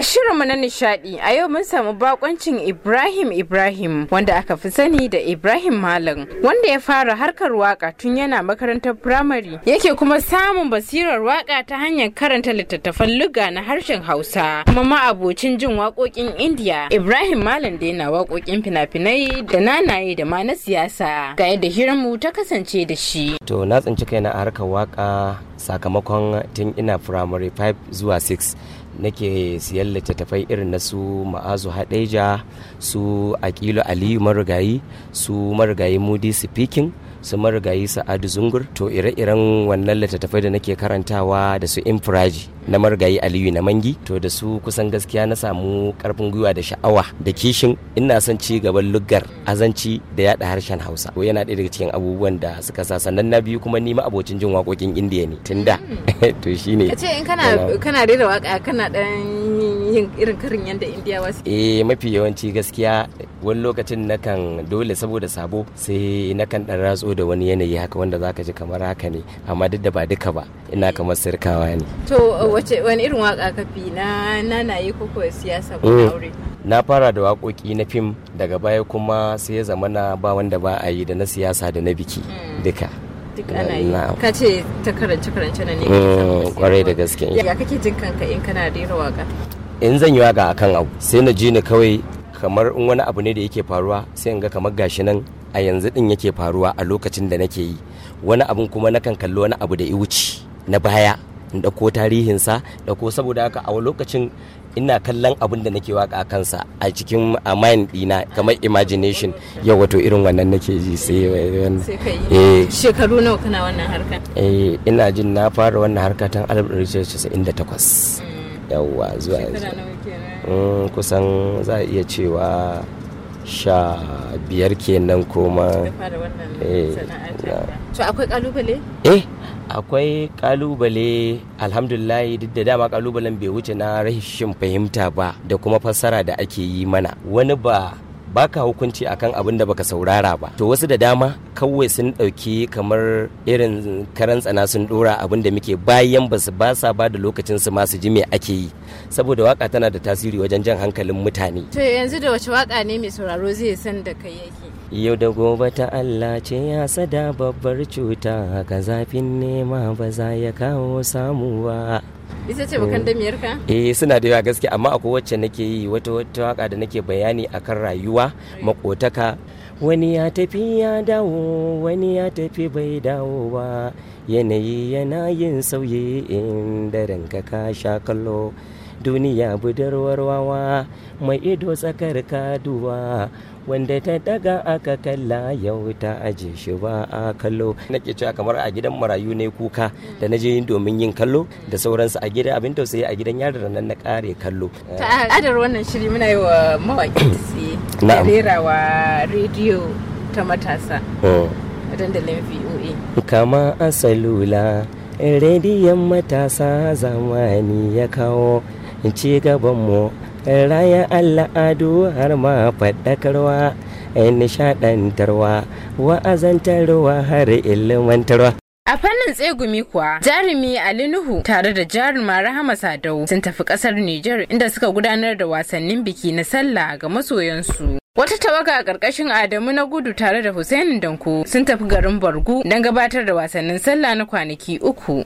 A shirinmu na nishadi a yau mun samu bakoncin Ibrahim Ibrahim wanda aka fi sani da Ibrahim Malam wanda ya fara harkar waka tun yana makarantar firamare yake kuma samun basirar waka ta hanyar karanta littattafan luga na harshen Hausa kuma ma'abocin jin waƙoƙin India Ibrahim Malam da yana waƙoƙin fina-finai da nanaye da ma na siyasa ga yadda mu ta kasance da shi. To na tsinci kaina a harkar waka sakamakon tun ina firamare 5 zuwa 6 nake siyan littattafai irin na su ma'azu hadeja su akilu aliyu marigayi su marigayi mudi speaking su marigayi sa'adu zungur to ire-iren wannan littattafai da nake karantawa da su infraji na marigayi aliyu na mangi to da su kusan gaskiya na samu karfin gwiwa da sha'awa da kishin ina son ci gaban luggar azanci da yada harshen hausa ko yana ɗaya daga cikin abubuwan da suka sa sannan na biyu kuma ni ma abocin jin waƙoƙin indiya ne tunda hmm. to shine ce in kana kana rera waka kana dan yin irin karin yadda indiyawa su eh mafi yawanci gaskiya wani lokacin nakan dole saboda sabo sai nakan dan ratso da wani yanayi haka wanda zaka ji kamar haka ne amma duk da ba duka ba ina eh. kamar sirkawa ne to wace wani irin waka ka fi na nanaye ko ko siyasa ko eh, aure na fara da waƙoƙi na fim daga baya kuma sai ya zamana ba wanda ba a yi da na siyasa da na biki hmm. duka duk ana yi ka ce ta karance karance na ne mm, kwarai da gaske ya kake jin kanka in kana rera waka in zan yi waka akan abu sai na ji ni kawai kamar in wani abu ne da yake faruwa sai in ga kamar gashi nan a yanzu din yake faruwa a lokacin da nake yi wani abun kuma na kan kalli wani abu da ya wuce na baya in ɗauko tarihinsa da ko saboda haka a lokacin ina kallon abin da nake waka kansa a cikin a mind dina kamar imagination yau wato irin wannan nake ji sai eh shekaru nawa kana wannan harka eh ina jin na fara wannan harka tun 1998 mm. yawwa zuwa yanzu mm, kusan za a iya cewa sha biyar kenan koma eh, to akwai kalubale eh akwai kalubale alhamdulillahi duk da dama kalubalen bai wuce na rashin fahimta ba da kuma fassara da ake yi mana wani ba baka hukunci akan abin da baka saurara ba to wasu da dama kawai sun ɗauki kamar irin karan tsana sun dora abin da muke bayan ba su basa ba da lokacin su masu ji me ake yi saboda waka tana da tasiri wajen jan hankalin mutane to yanzu da wace waka ne mai sauraro zai san da kai yake yau da gobe ta Allah ce ya sada babbar cuta haka zafin nema ba za ya kawo samuwa ita ce bakan eh suna da yawa gaske amma akwai wacce nake yi wata wata waka da nake bayani akan rayuwa makotaka wani ya tafi ya dawo wani ya tafi bai dawo ba yanayi yana yin sauyi in daren ka sha kallo duniya budurwar wawa mai ido tsakar kaduwa wanda ta daga aka kalla yau ta aje shi ba a kallo ke cewa kamar a gidan marayu ne kuka da na je domin yin kallo da sauransu a gida abin tausayi a gidan yadda nan na kare kallo ta adar wannan shiri muna yi wa mawaƙi tsaye da wa rediyo ta matasa hmm. dandalin voa kama asalula rediyon matasa zamani ya kawo ci gabanmu raya Allah ado har ma faɗakarwa nishaɗantarwa wa'azantarwa har ilmantarwa A fannin tsegumi kuwa jarumi Ali Nuhu tare da jaruma Rahama Sadau sun tafi kasar Nijar inda suka gudanar da wasannin biki na sallah ga masoyansu. Wata tawaga a ƙarƙashin Adamu na gudu tare da Hussein Danko sun tafi garin Bargu don gabatar da wasannin sallah na kwanaki uku.